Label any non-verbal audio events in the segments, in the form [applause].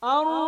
Ar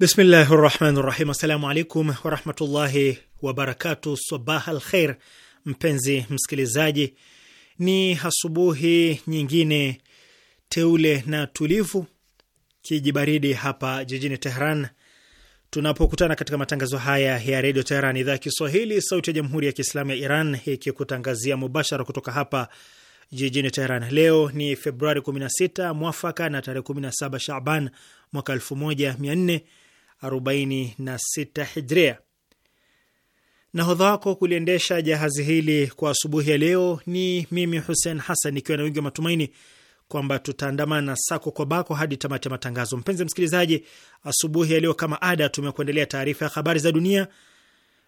Bismillahi rahmani rahim. Assalamu alaikum warahmatullahi wabarakatu. Sabah al kheir, mpenzi msikilizaji, ni asubuhi nyingine teule na tulivu kijibaridi hapa jijini Tehran tunapokutana katika matangazo haya ya redio Tehran idhaa ya Kiswahili, sauti ya jamhuri ya kiislamu ya Iran ikikutangazia mubashara kutoka hapa jijini Tehran. Leo ni Februari 16 mwafaka na tarehe 17 Shaban mwaka 46 Hijria. Nahodha wako kuliendesha jahazi hili kwa asubuhi ya leo ni mimi Hussein Hassan, ikiwa na wingi wa matumaini kwamba tutaandamana sako kwa bako hadi tamati ya matangazo. Mpenzi msikilizaji, asubuhi ya leo kama ada, tumekuendelea taarifa ya habari za dunia,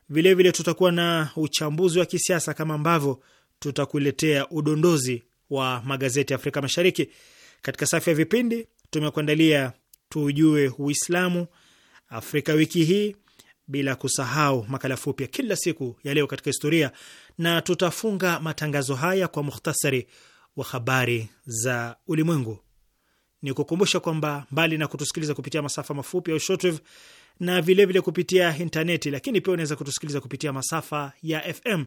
vilevile vile tutakuwa na uchambuzi wa kisiasa kama ambavyo tutakuletea udondozi wa magazeti ya Afrika Mashariki. Katika safu ya vipindi tumekuandalia tujue Uislamu Afrika wiki hii, bila kusahau makala fupi ya kila siku ya leo katika historia, na tutafunga matangazo haya kwa muhtasari wa habari za ulimwengu. Ni kukumbusha kwamba mbali na kutusikiliza kupitia masafa mafupi au shortwave na vilevile vile kupitia intaneti, lakini pia unaweza kutusikiliza kupitia masafa ya FM.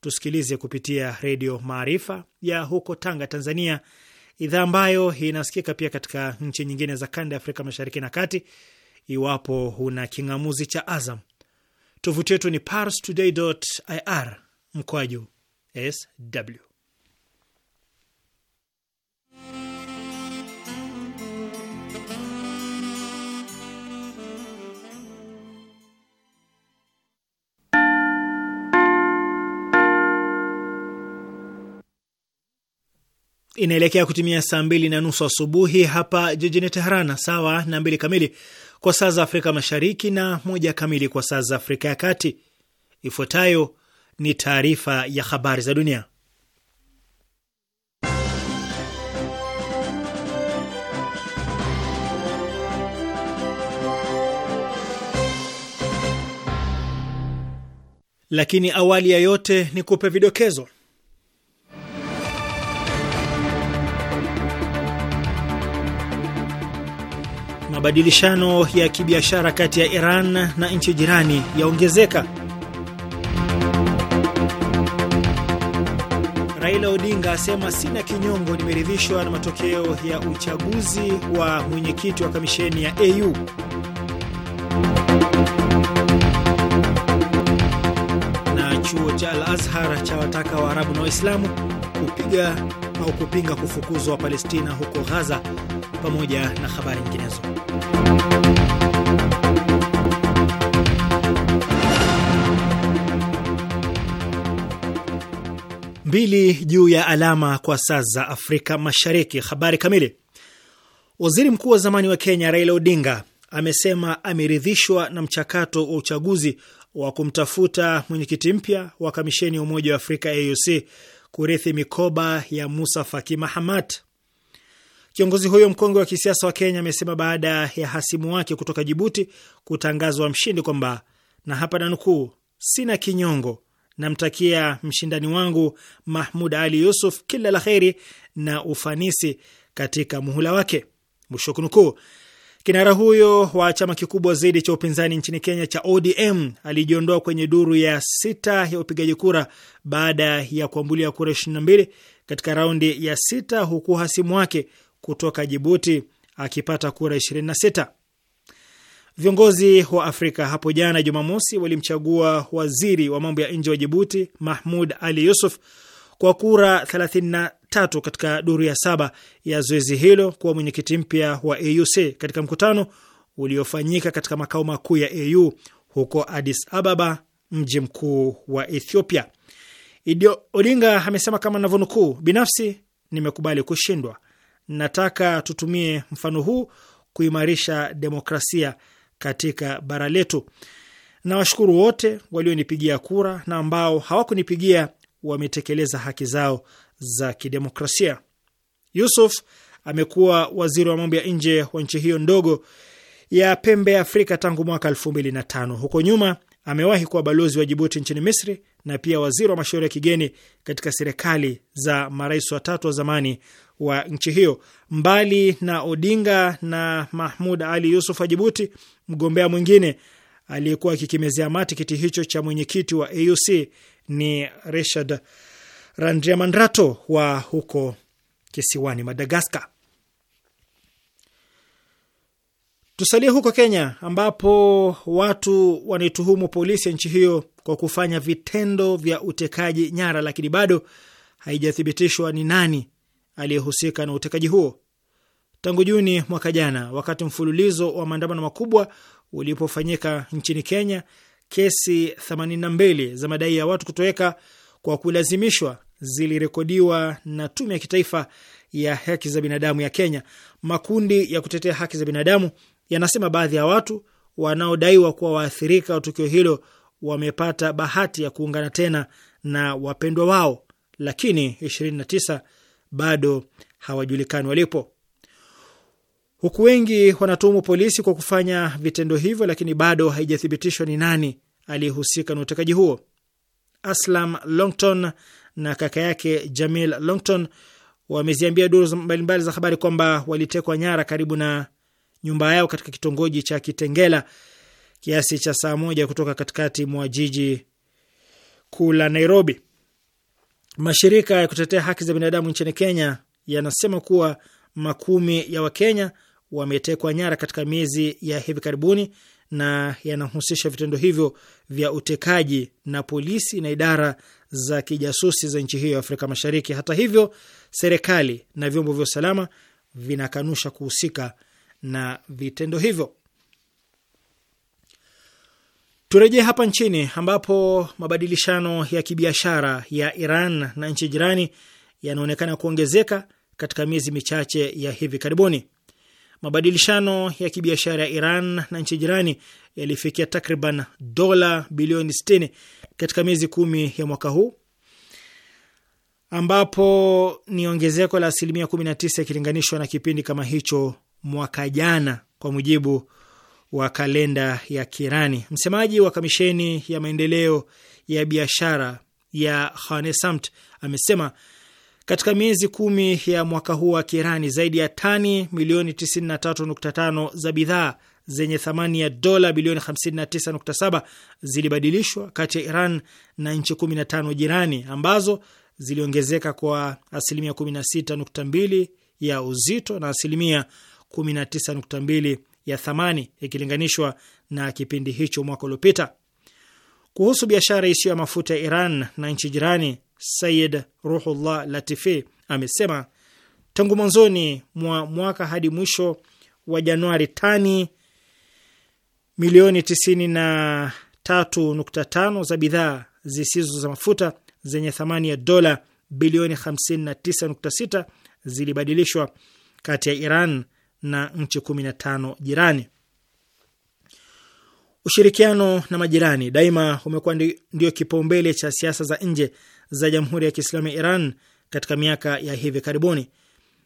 Tusikilize kupitia Redio Maarifa ya huko Tanga, Tanzania, idhaa ambayo inasikika pia katika nchi nyingine za kanda ya Afrika Mashariki na Kati, iwapo huna king'amuzi cha Azam. Tovuti yetu ni parstoday.ir mkwaju sw. Inaelekea kutumia saa mbili na nusu asubuhi hapa jijini Tehrana, sawa na mbili kamili kwa saa za Afrika Mashariki na moja kamili kwa saa za Afrika ya Kati. Ifuatayo ni taarifa ya habari za dunia, lakini awali ya yote ni kupe vidokezo Mabadilishano ya kibiashara kati ya Iran na nchi jirani yaongezeka. Raila Odinga asema sina kinyongo, nimeridhishwa na matokeo ya uchaguzi wa mwenyekiti wa kamisheni ya AU. Na chuo cha Al Azhar cha wataka Waarabu na Waislamu kupiga au kupinga kufukuzwa Wapalestina huko Ghaza pamoja na habari nyinginezo. Mbili juu ya alama kwa saa za Afrika Mashariki. Habari kamili. Waziri mkuu wa zamani wa Kenya Raila Odinga amesema ameridhishwa na mchakato wa uchaguzi wa kumtafuta mwenyekiti mpya wa kamisheni ya Umoja wa Afrika AUC kurithi mikoba ya Musa Faki Mahamat. Kiongozi huyo mkongwe wa kisiasa wa Kenya amesema baada ya hasimu wake kutoka Jibuti kutangazwa mshindi kwamba, na hapa nanukuu, sina kinyongo, namtakia mshindani wangu Mahmud Ali Yusuf kila la heri na ufanisi katika muhula wake, mwisho kunukuu. Kinara huyo wa chama kikubwa zaidi cha upinzani nchini Kenya cha ODM alijiondoa kwenye duru ya sita ya upigaji kura baada ya kuambulia kura 22 katika raundi ya sita, huku hasimu wake kutoka Jibuti akipata kura 26. Viongozi wa Afrika hapo jana Jumamosi walimchagua waziri wa mambo ya nje wa Jibuti Mahmud Ali Yusuf kwa kura 33 katika duru ya saba ya zoezi hilo kuwa mwenyekiti mpya wa AUC katika mkutano uliofanyika katika makao makuu ya AU huko Addis Ababa, mji mkuu wa Ethiopia. Idi Odinga amesema kama navyonukuu, binafsi nimekubali kushindwa nataka tutumie mfano huu kuimarisha demokrasia katika bara letu. Nawashukuru wote walionipigia kura na ambao hawakunipigia wametekeleza haki zao za kidemokrasia. Yusuf amekuwa waziri wa mambo ya nje wa nchi hiyo ndogo ya pembe ya Afrika tangu mwaka elfu mbili na tano. Huko nyuma amewahi kuwa balozi wa Jibuti nchini Misri na pia waziri wa mashauri ya kigeni katika serikali za marais watatu wa zamani wa nchi hiyo. Mbali na Odinga na Mahmud Ali Yusuf wa Jibuti, mgombea mwingine aliyekuwa akikimezea mati kiti hicho cha mwenyekiti wa AUC ni Richard Randriamandrato wa huko kisiwani Madagaskar. Tusalie huko Kenya, ambapo watu wanaituhumu polisi ya nchi hiyo kwa kufanya vitendo vya utekaji nyara, lakini bado haijathibitishwa ni nani aliyehusika na utekaji huo. Tangu Juni mwaka jana, wakati mfululizo wa maandamano makubwa ulipofanyika nchini Kenya, kesi 82 za madai ya watu kutoweka kwa kulazimishwa zilirekodiwa na Tume ya Kitaifa ya Haki za Binadamu ya Kenya. Makundi ya kutetea haki za binadamu yanasema baadhi ya watu wanaodaiwa kuwa waathirika wa tukio hilo wamepata bahati ya kuungana tena na wapendwa wao, lakini bado hawajulikani walipo, huku wengi wanatuhumu polisi kwa kufanya vitendo hivyo, lakini bado haijathibitishwa ni nani aliyehusika na utekaji huo. Aslam Longton na kaka yake Jamil Longton wameziambia duru mbalimbali za habari kwamba walitekwa nyara karibu na nyumba yao katika kitongoji cha Kitengela kiasi cha saa moja kutoka katikati mwa jiji kuu la Nairobi. Mashirika ya kutetea haki za binadamu nchini Kenya yanasema kuwa makumi ya Wakenya wametekwa nyara katika miezi ya hivi karibuni na yanahusisha vitendo hivyo vya utekaji na polisi na idara za kijasusi za nchi hiyo ya Afrika Mashariki. Hata hivyo, serikali na vyombo vya usalama vinakanusha kuhusika na vitendo hivyo. Turejee hapa nchini ambapo mabadilishano ya kibiashara ya Iran na nchi jirani yanaonekana kuongezeka katika miezi michache ya hivi karibuni. Mabadilishano ya kibiashara ya Iran na nchi jirani yalifikia takriban dola bilioni 60 katika miezi kumi ya mwaka huu, ambapo ni ongezeko la asilimia 19 ikilinganishwa na kipindi kama hicho mwaka jana, kwa mujibu wa kalenda ya Kirani. Msemaji wa kamisheni ya maendeleo ya biashara ya Khanesamt amesema katika miezi kumi ya mwaka huu wa Kirani, zaidi ya tani milioni 93.5 za bidhaa zenye thamani ya dola bilioni 59.7 zilibadilishwa kati ya Iran na nchi 15 jirani ambazo ziliongezeka kwa asilimia 16.2 ya uzito na asilimia 19.2 ya thamani ikilinganishwa na kipindi hicho mwaka uliopita. Kuhusu biashara isiyo ya mafuta ya Iran na nchi jirani, Sayid Ruhullah Latifi amesema tangu mwanzoni mwa mwaka hadi mwisho wa Januari, tani milioni 93.5 za bidhaa zisizo za mafuta zenye thamani ya dola bilioni 59.6 zilibadilishwa kati ya Iran na nchi 15 jirani. Ushirikiano na majirani daima umekuwa ndio kipaumbele cha siasa za nje za Jamhuri ya Kiislamu ya Iran katika miaka ya hivi karibuni.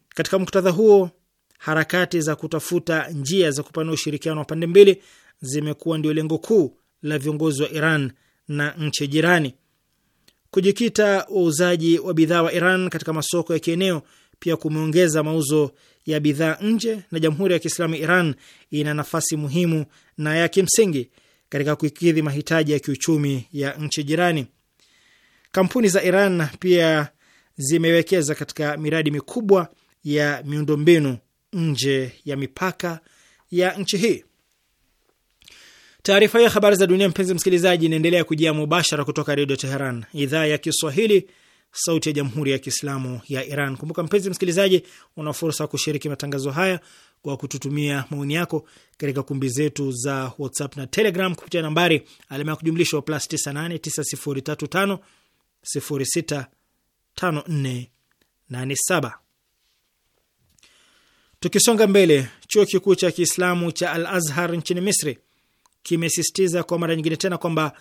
Katika muktadha huo, harakati za kutafuta njia za kupanua ushirikiano wa pande mbili zimekuwa ndio lengo kuu la viongozi wa Iran na nchi jirani. Kujikita uuzaji wa bidhaa wa Iran katika masoko ya kieneo pia kumeongeza mauzo ya bidhaa nje, na Jamhuri ya Kiislamu Iran ina nafasi muhimu na ya kimsingi katika kukidhi mahitaji ya kiuchumi ya nchi jirani. Kampuni za Iran pia zimewekeza katika miradi mikubwa ya miundombinu nje ya mipaka ya nchi hii. Taarifa hii ya habari za dunia, mpenzi msikilizaji, inaendelea kujia mubashara kutoka Redio Teheran, idhaa ya Kiswahili, sauti ya jamhuri ya kiislamu ya Iran. Kumbuka mpenzi msikilizaji, una fursa ya kushiriki matangazo haya kwa kututumia maoni yako katika kumbi zetu za WhatsApp na Telegram kupitia nambari alama ya kujumlisha wa plus 98 Tukisonga mbele, chuo kikuu cha kiislamu cha Al Azhar nchini Misri kimesisitiza kwa mara nyingine tena kwamba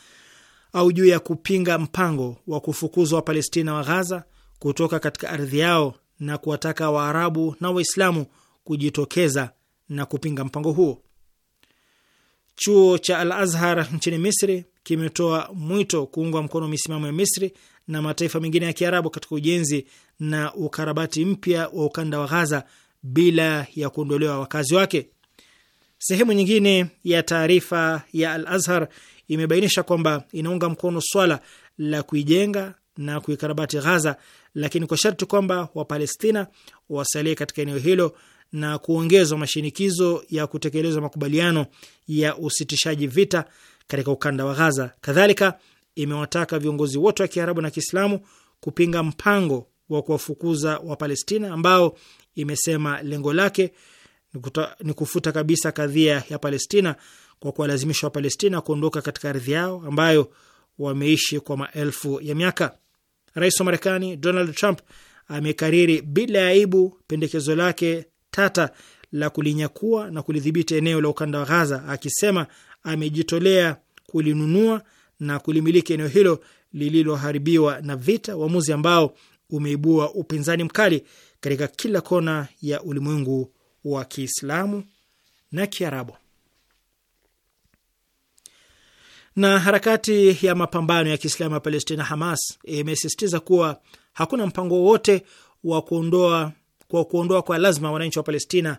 au juu ya kupinga mpango wa kufukuzwa Wapalestina wa Ghaza kutoka katika ardhi yao na kuwataka Waarabu na Waislamu kujitokeza na kupinga mpango huo. Chuo cha Al Azhar nchini Misri kimetoa mwito kuungwa mkono misimamo ya Misri na mataifa mengine ya Kiarabu katika ujenzi na ukarabati mpya wa ukanda wa Ghaza bila ya kuondolewa wakazi wake. Sehemu nyingine ya taarifa ya Al Azhar imebainisha kwamba inaunga mkono swala la kuijenga na kuikarabati Ghaza, lakini kwa sharti kwamba Wapalestina wasalie katika eneo hilo na kuongezwa mashinikizo ya kutekelezwa makubaliano ya usitishaji vita katika ukanda wa Ghaza. Kadhalika imewataka viongozi wote wa Kiarabu na Kiislamu kupinga mpango wa kuwafukuza Wapalestina ambao imesema lengo lake ni kufuta kabisa kadhia ya Palestina kwa kuwalazimisha Wapalestina kuondoka katika ardhi yao ambayo wameishi kwa maelfu ya miaka. Rais wa Marekani Donald Trump amekariri bila ya aibu pendekezo lake tata la kulinyakua na kulidhibiti eneo la ukanda wa Ghaza, akisema amejitolea kulinunua na kulimiliki eneo hilo lililoharibiwa na vita, uamuzi ambao umeibua upinzani mkali katika kila kona ya ulimwengu wa Kiislamu na Kiarabu. Na harakati ya mapambano ya Kiislamu ya Palestina, Hamas, imesisitiza kuwa hakuna mpango wowote wa kuondoa kwa kuondoa kwa lazima wananchi wa Palestina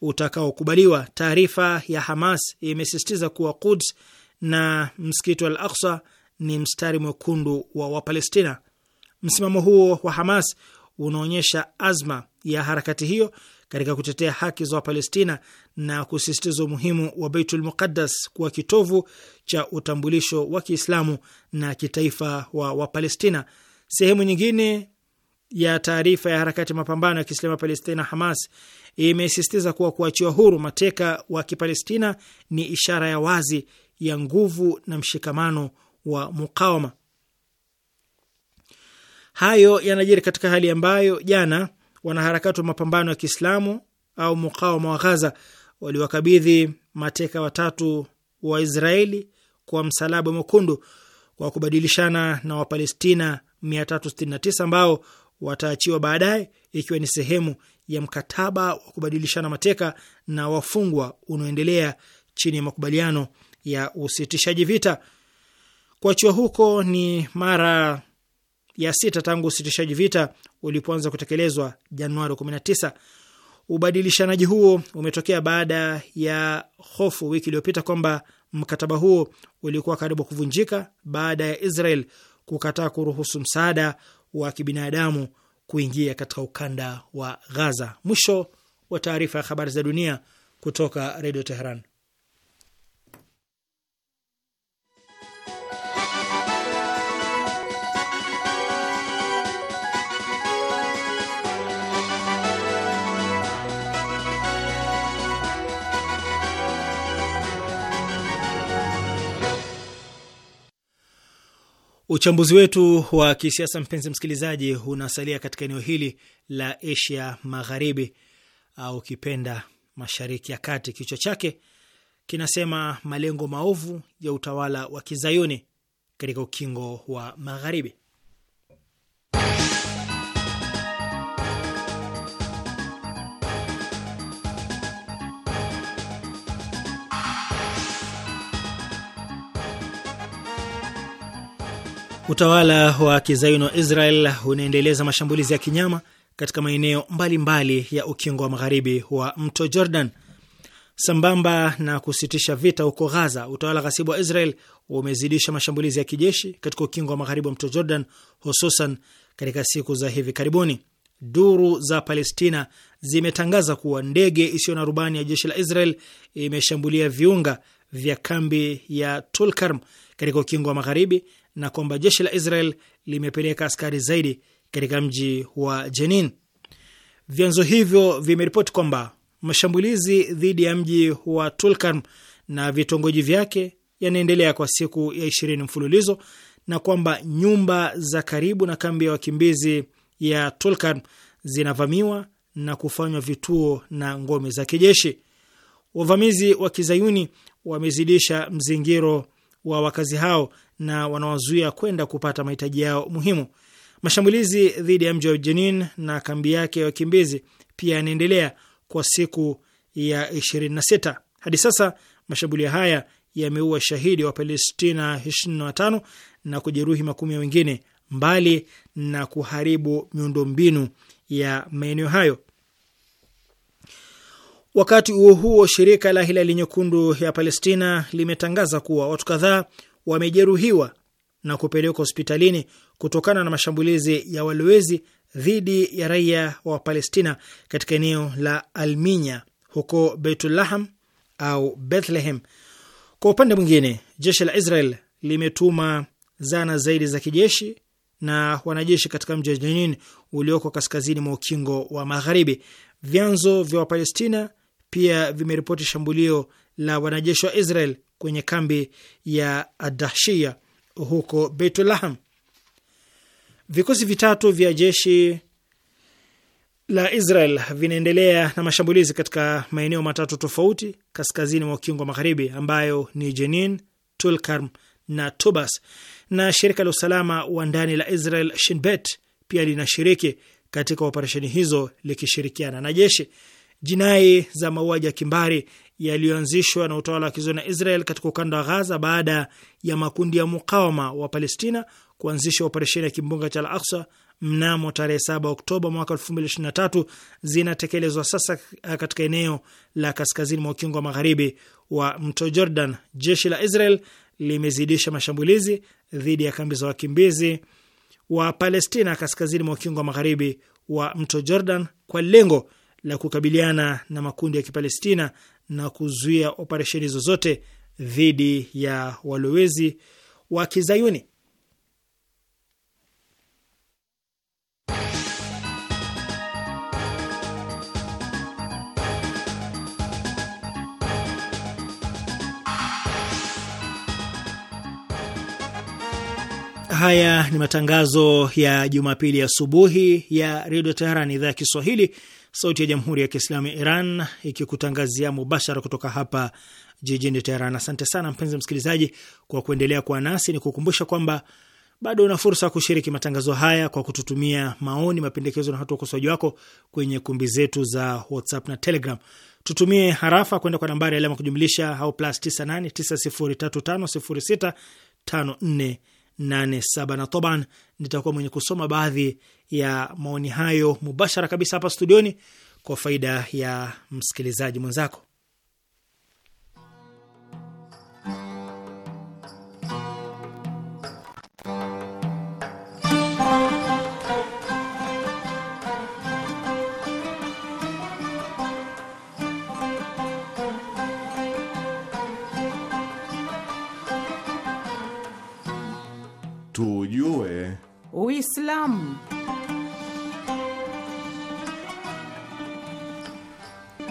utakaokubaliwa. Taarifa ya Hamas imesisitiza kuwa Quds na msikiti wa Al Aksa ni mstari mwekundu wa Wapalestina. Msimamo huo wa Hamas unaonyesha azma ya harakati hiyo katika kutetea haki za Wapalestina na kusisitiza umuhimu wa Baitul Muqaddas kuwa kitovu cha utambulisho wa Kiislamu na kitaifa wa Wapalestina. Sehemu nyingine ya taarifa ya harakati mapambano ya Kiislamu ya Palestina, Hamas, imesisitiza kuwa kuachiwa huru mateka wa Kipalestina ni ishara ya wazi ya nguvu na mshikamano wa mukawama. Hayo yanajiri katika hali ambayo jana wanaharakati wa mapambano ya Kiislamu au mukawama wa Ghaza waliwakabidhi mateka watatu wa Israeli kwa msalaba mwekundu kwa kubadilishana na Wapalestina 369 ambao wataachiwa baadaye, ikiwa ni sehemu ya mkataba wa kubadilishana mateka na wafungwa unaoendelea chini ya makubaliano ya usitishaji vita. Kuachiwa huko ni mara ya sita tangu usitishaji vita ulipoanza kutekelezwa Januari 19. Ubadilishanaji huo umetokea baada ya hofu wiki iliyopita kwamba mkataba huo ulikuwa karibu kuvunjika baada ya Israel kukataa kuruhusu msaada wa kibinadamu kuingia katika ukanda wa Gaza. Mwisho wa taarifa ya habari za dunia kutoka Redio Teheran. Uchambuzi wetu wa kisiasa, mpenzi msikilizaji, unasalia katika eneo hili la Asia Magharibi au kipenda Mashariki ya Kati. Kichwa chake kinasema malengo maovu ya utawala wa kizayuni katika ukingo wa Magharibi. Utawala wa kizayuni wa Israel unaendeleza mashambulizi ya kinyama katika maeneo mbalimbali ya ukingo wa magharibi wa mto Jordan. Sambamba na kusitisha vita huko Ghaza, utawala ghasibu wa Israel umezidisha mashambulizi ya kijeshi katika ukingo wa magharibi wa mto Jordan, hususan katika siku za hivi karibuni. Duru za Palestina zimetangaza kuwa ndege isiyo na rubani ya jeshi la Israel imeshambulia viunga vya kambi ya Tulkarm katika ukingo wa magharibi na kwamba jeshi la Israel limepeleka askari zaidi katika mji wa Jenin. Vyanzo hivyo vimeripoti kwamba mashambulizi dhidi ya mji wa Tulkarm na vitongoji vyake yanaendelea kwa siku ya ishirini mfululizo na kwamba nyumba za karibu na kambi ya wakimbizi ya Tulkarm zinavamiwa na kufanywa vituo na ngome za kijeshi. Wavamizi wa kizayuni wamezidisha mzingiro wa wakazi hao na wanawazuia kwenda kupata mahitaji yao muhimu. Mashambulizi dhidi ya mji wa Jenin na kambi yake ya wakimbizi pia yanaendelea kwa siku ya 26. Hadi sasa mashambulio haya yameua shahidi wa Palestina 25 na kujeruhi makumi wengine, mbali na kuharibu miundombinu ya maeneo hayo. Wakati huo huo, shirika la Hilali Nyekundu ya Palestina limetangaza kuwa watu kadhaa wamejeruhiwa na kupelekwa hospitalini kutokana na mashambulizi ya walowezi dhidi ya raia wa Palestina katika eneo la Alminya huko Beitulaham au Bethlehem. Kwa upande mwingine, jeshi la Israel limetuma zana zaidi za kijeshi na wanajeshi katika mji wa Jenin ulioko kaskazini mwa ukingo wa Magharibi. Vyanzo vya Wapalestina pia vimeripoti shambulio la wanajeshi wa Israel kwenye kambi ya Adashia huko Beitulaham. Vikosi vitatu vya jeshi la Israel vinaendelea na mashambulizi katika maeneo matatu tofauti kaskazini mwa ukingo magharibi ambayo ni Jenin, Tulkarm na Tubas, na shirika la usalama wa ndani la Israel Shinbet pia linashiriki katika operesheni hizo likishirikiana na jeshi jinai za mauaji ya kimbari yaliyoanzishwa na utawala wa kizona Israel katika ukanda wa Ghaza baada ya makundi ya mukawama wa Palestina kuanzisha operesheni ya kimbunga cha Al-Aqsa mnamo tarehe 7 Oktoba mwaka 2023 zinatekelezwa sasa katika eneo la kaskazini mwa ukingo wa magharibi wa mto Jordan. Jeshi la Israel limezidisha mashambulizi dhidi ya kambi za wakimbizi wa Palestina kaskazini mwa ukingo wa magharibi wa mto Jordan kwa lengo la kukabiliana na makundi ya Kipalestina na kuzuia operesheni zozote dhidi ya walowezi wa Kizayuni. Haya ni matangazo ya Jumapili asubuhi ya, ya Redio Teheran, idhaa ya Kiswahili, sauti ya jamhuri ya kiislamu ya Iran ikikutangazia mubashara kutoka hapa jijini Teheran. Asante sana mpenzi msikilizaji kwa kuendelea kuwa nasi. Ni kukumbusha kwamba bado una fursa ya kushiriki matangazo haya kwa kututumia maoni, mapendekezo na hatua ukosoaji wako kwenye kumbi zetu za WhatsApp na Telegram. Tutumie harafa kwenda kwa nambari ya alama kujumlisha au plus 98 90350654 87 na toban, nitakuwa mwenye kusoma baadhi ya maoni hayo mubashara kabisa hapa studioni kwa faida ya msikilizaji mwenzako. tujue Uislamu.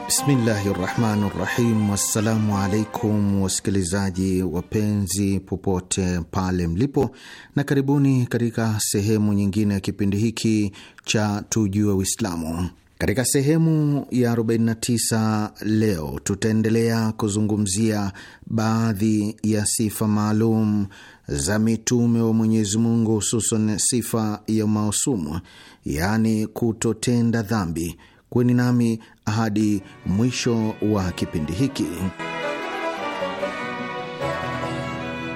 Bismillahi rahmani rahim. Wassalamu alaikum wasikilizaji wapenzi popote pale mlipo, na karibuni katika sehemu nyingine ya kipindi hiki cha tujue Uislamu. Katika sehemu ya 49 leo tutaendelea kuzungumzia baadhi ya sifa maalum za mitume wa Mwenyezi Mungu, hususan sifa ya mausumu, yaani kutotenda dhambi. Kweni nami hadi mwisho wa kipindi hiki.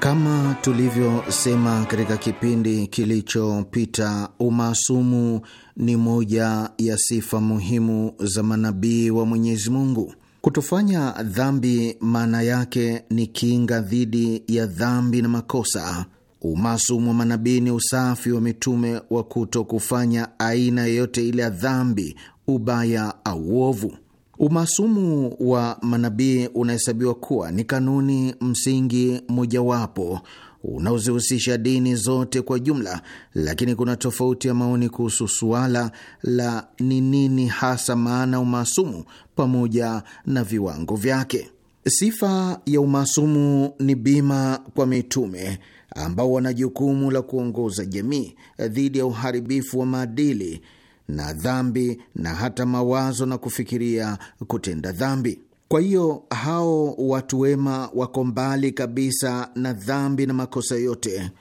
Kama tulivyosema katika kipindi kilichopita, umaasumu ni moja ya sifa muhimu za manabii wa Mwenyezi Mungu. Kutofanya dhambi maana yake ni kinga dhidi ya dhambi na makosa. Umaasumu wa manabii ni usafi wa mitume wa kuto kufanya aina yoyote ile ya dhambi, ubaya au uovu. Umaasumu wa manabii unahesabiwa kuwa ni kanuni msingi mojawapo unaozihusisha dini zote kwa jumla, lakini kuna tofauti ya maoni kuhusu suala la ni nini hasa maana umaasumu pamoja na viwango vyake. Sifa ya umaasumu ni bima kwa mitume ambao wana jukumu la kuongoza jamii dhidi ya uharibifu wa maadili na dhambi na hata mawazo na kufikiria kutenda dhambi. Kwa hiyo hao watu wema wako mbali kabisa na dhambi na makosa yote.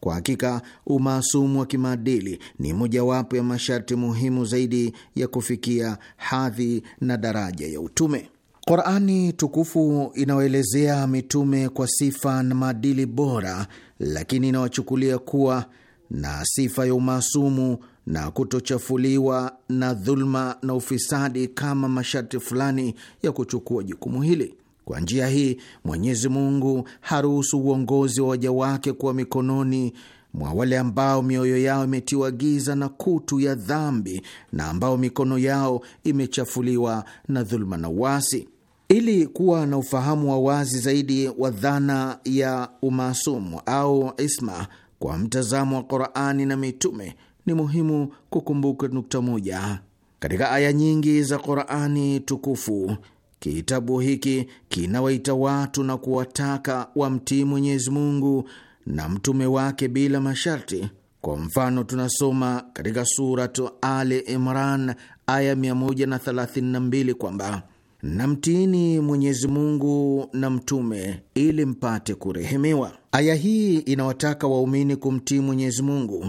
Kwa hakika umaasumu wa kimaadili ni mojawapo ya masharti muhimu zaidi ya kufikia hadhi na daraja ya utume. Qurani tukufu inawaelezea mitume kwa sifa na maadili bora, lakini inawachukulia kuwa na sifa ya umaasumu na kutochafuliwa na dhuluma na ufisadi kama masharti fulani ya kuchukua jukumu hili. Kwa njia hii, Mwenyezi Mungu haruhusu uongozi wa waja wake kuwa mikononi mwa wale ambao mioyo yao imetiwa giza na kutu ya dhambi na ambao mikono yao imechafuliwa na dhuluma na uasi. Ili kuwa na ufahamu wa wazi zaidi wa dhana ya umaasumu au isma kwa mtazamo wa Qur'ani na mitume ni muhimu kukumbuka nukta moja. Katika aya nyingi za Qurani tukufu kitabu hiki kinawaita watu na kuwataka wamtii Mwenyezi Mungu na mtume wake bila masharti. Kwa mfano, tunasoma katika Suratu Ali Imran aya 132 kwamba namtiini Mwenyezi Mungu na mtume ili mpate kurehemiwa. Aya hii inawataka waumini kumtii Mwenyezi Mungu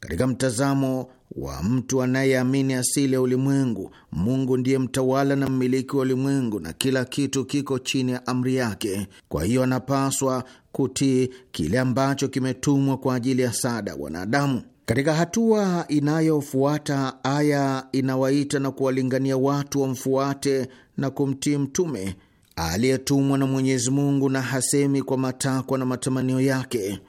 katika mtazamo wa mtu anayeamini asili ya ulimwengu, Mungu ndiye mtawala na mmiliki wa ulimwengu na kila kitu kiko chini ya amri yake. Kwa hiyo anapaswa kutii kile ambacho kimetumwa kwa ajili ya sada wanadamu. Katika hatua inayofuata, aya inawaita na kuwalingania watu wamfuate na kumtii mtume aliyetumwa na Mwenyezi Mungu, na hasemi kwa matakwa na matamanio yake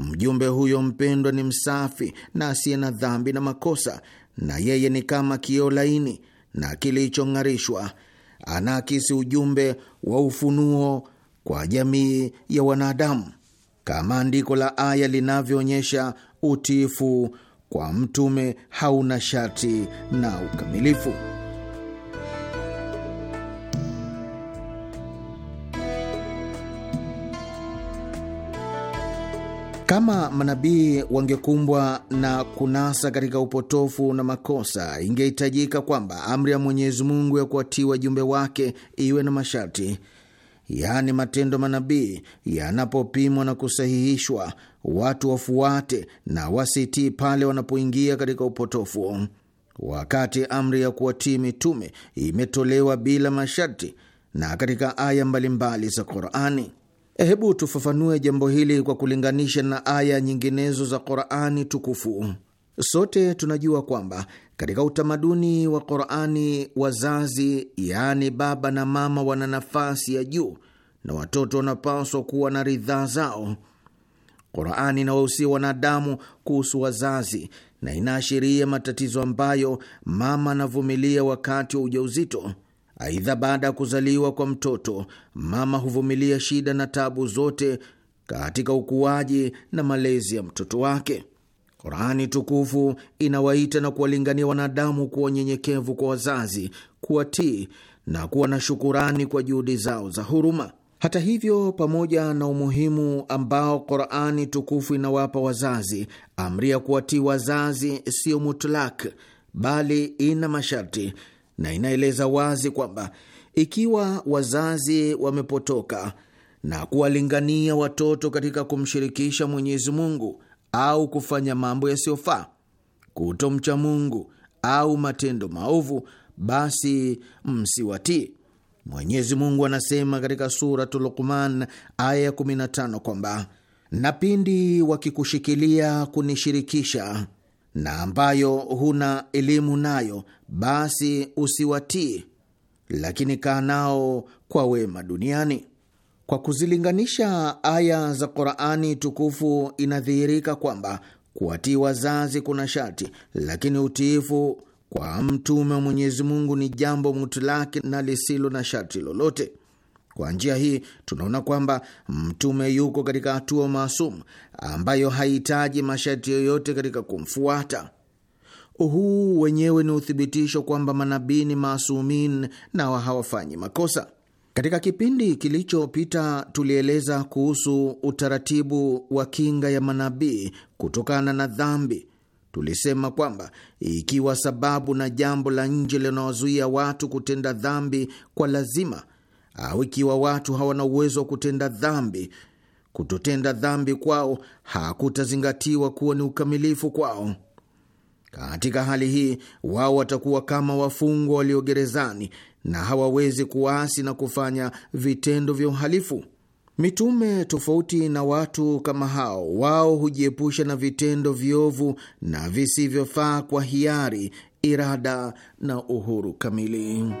Mjumbe huyo mpendwa ni msafi na asiye na dhambi na makosa, na yeye ni kama kioo laini na kilichong'arishwa. Anaakisi ujumbe wa ufunuo kwa jamii ya wanadamu, kama andiko la aya linavyoonyesha. Utiifu kwa mtume hauna sharti na ukamilifu. Kama manabii wangekumbwa na kunasa katika upotofu na makosa, ingehitajika kwamba amri ya Mwenyezi Mungu ya kuwatii wajumbe wake iwe na masharti, yaani matendo manabii yanapopimwa na kusahihishwa, watu wafuate na wasitii pale wanapoingia katika upotofu. Wakati amri ya kuwatii mitume imetolewa bila masharti na katika aya mbalimbali za Qur'ani Hebu tufafanue jambo hili kwa kulinganisha na aya nyinginezo za Qurani tukufu. Sote tunajua kwamba katika utamaduni wa Qurani wazazi, yaani baba na mama, wana nafasi ya juu na watoto wanapaswa kuwa na ridhaa zao. Qurani inawahusia wanadamu kuhusu wazazi na inaashiria matatizo ambayo mama anavumilia wakati wa ujauzito. Aidha, baada ya kuzaliwa kwa mtoto, mama huvumilia shida na tabu zote katika ukuaji na malezi ya mtoto wake. Qurani tukufu inawaita na kuwalingania wanadamu kuwa nyenyekevu kwa wazazi, kuwatii na kuwa na shukurani kwa juhudi zao za huruma. Hata hivyo, pamoja na umuhimu ambao Qurani tukufu inawapa wazazi, amri ya kuwatii wazazi siyo mutlak, bali ina masharti na inaeleza wazi kwamba ikiwa wazazi wamepotoka na kuwalingania watoto katika kumshirikisha Mwenyezi Mungu au kufanya mambo yasiyofaa, kutomcha Mungu au matendo maovu, basi msiwatii. Mwenyezi Mungu anasema katika Suratu Luqman aya ya 15 kwamba na pindi wakikushikilia kunishirikisha na ambayo huna elimu nayo, basi usiwatii, lakini kaa nao kwa wema duniani. Kwa kuzilinganisha aya za Qurani tukufu, inadhihirika kwamba kuwatii wazazi kuna sharti, lakini utiifu kwa mtume wa Mwenyezi Mungu ni jambo mutlaki na lisilo na sharti lolote. Kwa njia hii tunaona kwamba mtume yuko katika hatua maasum ambayo hahitaji masharti yoyote katika kumfuata. Huu wenyewe ni uthibitisho kwamba manabii ni maasumin na hawafanyi makosa. Katika kipindi kilichopita tulieleza kuhusu utaratibu wa kinga ya manabii kutokana na dhambi. Tulisema kwamba ikiwa sababu na jambo la nje linawazuia watu kutenda dhambi kwa lazima au ikiwa watu hawana uwezo wa kutenda dhambi, kutotenda dhambi kwao hakutazingatiwa kuwa ni ukamilifu kwao. Katika hali hii, wao watakuwa kama wafungwa walio gerezani na hawawezi kuasi na kufanya vitendo vya uhalifu. Mitume, tofauti na watu kama hao, wao hujiepusha na vitendo viovu na visivyofaa kwa hiari, irada na uhuru kamili.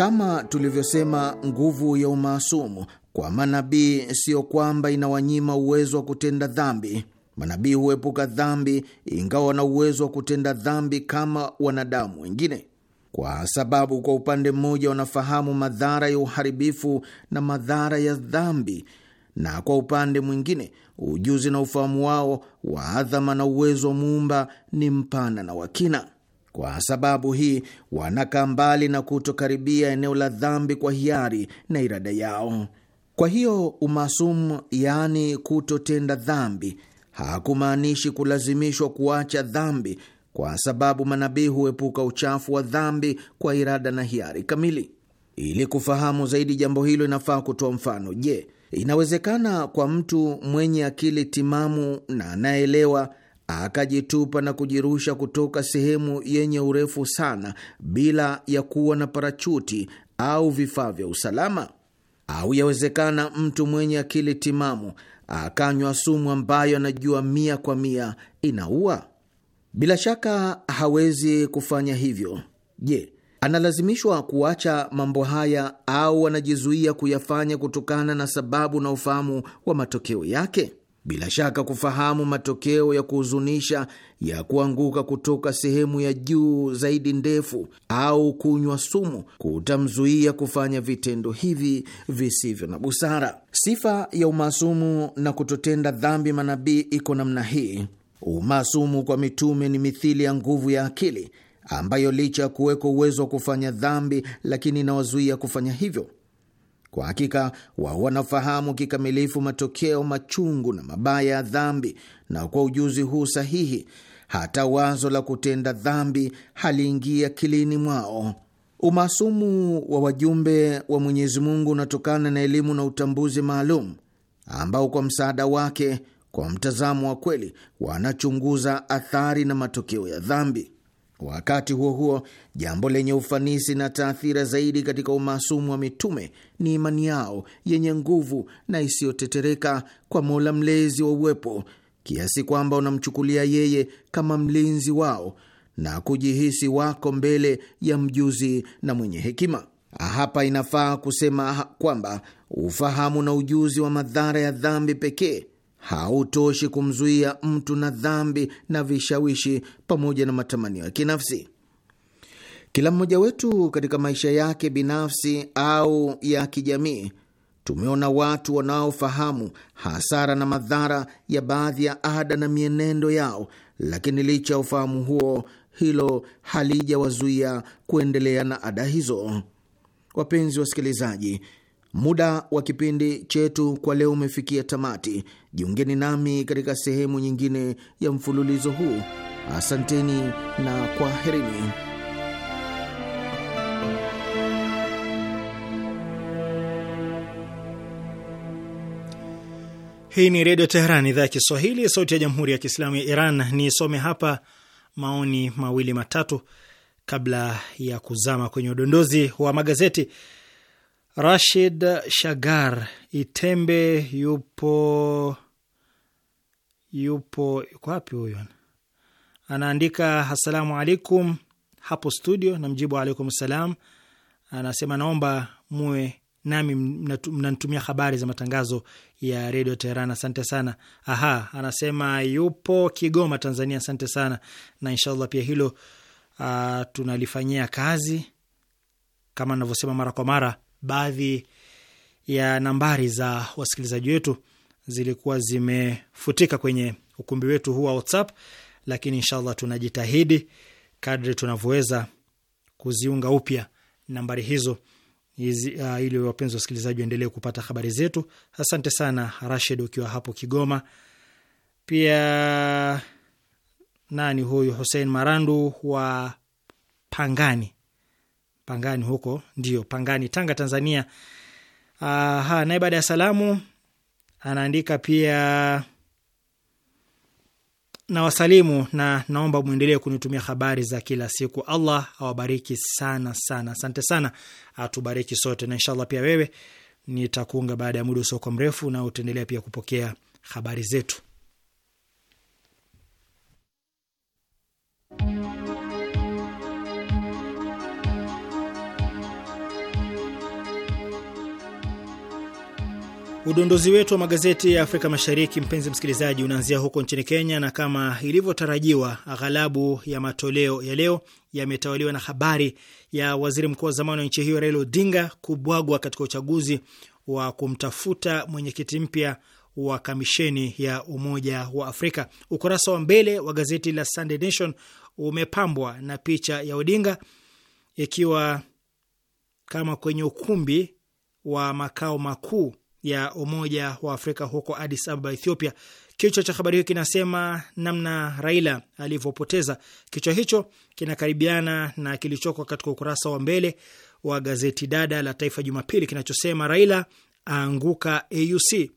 Kama tulivyosema, nguvu ya umaasumu kwa manabii siyo kwamba inawanyima uwezo wa kutenda dhambi. Manabii huepuka dhambi, ingawa wana uwezo wa kutenda dhambi kama wanadamu wengine, kwa sababu kwa upande mmoja wanafahamu madhara ya uharibifu na madhara ya dhambi, na kwa upande mwingine ujuzi na ufahamu wao wa adhama na uwezo wa muumba ni mpana na wakina. Kwa sababu hii wanakaa mbali na kutokaribia eneo la dhambi kwa hiari na irada yao. Kwa hiyo umasumu, yaani kutotenda dhambi, hakumaanishi kulazimishwa kuacha dhambi, kwa sababu manabii huepuka uchafu wa dhambi kwa irada na hiari kamili. Ili kufahamu zaidi jambo hilo, inafaa kutoa mfano. Je, inawezekana kwa mtu mwenye akili timamu na anayeelewa akajitupa na kujirusha kutoka sehemu yenye urefu sana bila ya kuwa na parachuti au vifaa vya usalama? Au yawezekana mtu mwenye akili timamu akanywa sumu ambayo anajua mia kwa mia inaua? Bila shaka hawezi kufanya hivyo. Je, analazimishwa kuacha mambo haya au anajizuia kuyafanya kutokana na sababu na ufahamu wa matokeo yake? Bila shaka kufahamu matokeo ya kuhuzunisha ya kuanguka kutoka sehemu ya juu zaidi ndefu au kunywa sumu kutamzuia kufanya vitendo hivi visivyo na busara. Sifa ya umaasumu na kutotenda dhambi manabii iko namna hii. Umaasumu kwa mitume ni mithili ya nguvu ya akili ambayo licha ya kuwekwa uwezo wa kufanya dhambi, lakini inawazuia kufanya hivyo. Kwa hakika wao wanafahamu kikamilifu matokeo machungu na mabaya ya dhambi, na kwa ujuzi huu sahihi, hata wazo la kutenda dhambi haliingia kilini mwao. Umaasumu wa wajumbe wa Mwenyezi Mungu unatokana na elimu na utambuzi maalum ambao kwa msaada wake, kwa mtazamo wa kweli, wanachunguza athari na matokeo ya dhambi. Wakati huo huo, jambo lenye ufanisi na taathira zaidi katika umaasumu wa mitume ni imani yao yenye nguvu na isiyotetereka kwa Mola mlezi wa uwepo, kiasi kwamba unamchukulia yeye kama mlinzi wao na kujihisi wako mbele ya mjuzi na mwenye hekima. Hapa inafaa kusema kwamba ufahamu na ujuzi wa madhara ya dhambi pekee hautoshi kumzuia mtu na dhambi na vishawishi pamoja na matamanio ya kinafsi. Kila mmoja wetu katika maisha yake binafsi au ya kijamii tumeona watu wanaofahamu hasara na madhara ya baadhi ya ada na mienendo yao, lakini licha ya ufahamu huo, hilo halijawazuia kuendelea na ada hizo. Wapenzi wasikilizaji, Muda wa kipindi chetu kwa leo umefikia tamati. Jiungeni nami katika sehemu nyingine ya mfululizo huu. Asanteni na kwaherini. Hii ni Redio Teheran, idhaa ya Kiswahili, sauti ya Jamhuri ya Kiislamu ya Iran. Nisome hapa maoni mawili matatu kabla ya kuzama kwenye udondozi wa magazeti. Rashid Shagar Itembe yupo yupo yuko wapi huyo? Anaandika assalamu alaikum hapo studio, namjibu alaikum salam. Anasema naomba muwe nami mnanitumia habari za matangazo ya redio Teheran. Asante sana. Aha, anasema yupo Kigoma, Tanzania. Asante sana, na inshallah pia hilo uh, tunalifanyia kazi kama navyosema mara kwa mara baadhi ya nambari za wasikilizaji wetu zilikuwa zimefutika kwenye ukumbi wetu huu wa WhatsApp, lakini inshallah tunajitahidi kadri tunavyoweza kuziunga upya nambari hizo uh, ili wapenzi wasikilizaji waendelee kupata habari zetu. Asante sana Rashid, ukiwa hapo Kigoma. Pia nani huyu Hussein Marandu wa Pangani Pangani huko ndio Pangani, Tanga, Tanzania. Aha, ah, naye baada ya salamu anaandika pia na wasalimu na naomba mwendelee kunitumia habari za kila siku. Allah awabariki sana sana, asante sana, atubariki sote na inshallah pia wewe nitakuunga baada ya muda usioko mrefu, na utaendelea pia kupokea habari zetu. Udondozi wetu wa magazeti ya Afrika Mashariki, mpenzi msikilizaji, unaanzia huko nchini Kenya, na kama ilivyotarajiwa, aghalabu ya matoleo ya leo yametawaliwa na habari ya waziri mkuu wa zamani wa nchi hiyo Raila Odinga kubwagwa katika uchaguzi wa kumtafuta mwenyekiti mpya wa kamisheni ya Umoja wa Afrika. Ukurasa wa mbele wa gazeti la Sunday Nation umepambwa na picha ya Odinga ikiwa kama kwenye ukumbi wa makao makuu ya Umoja wa Afrika huko Addis Ababa, Ethiopia. Kichwa cha habari hiyo kinasema namna Raila alivyopoteza. Kichwa hicho kinakaribiana na kilichoko katika ukurasa wa mbele wa gazeti dada la Taifa Jumapili kinachosema Raila aanguka AUC.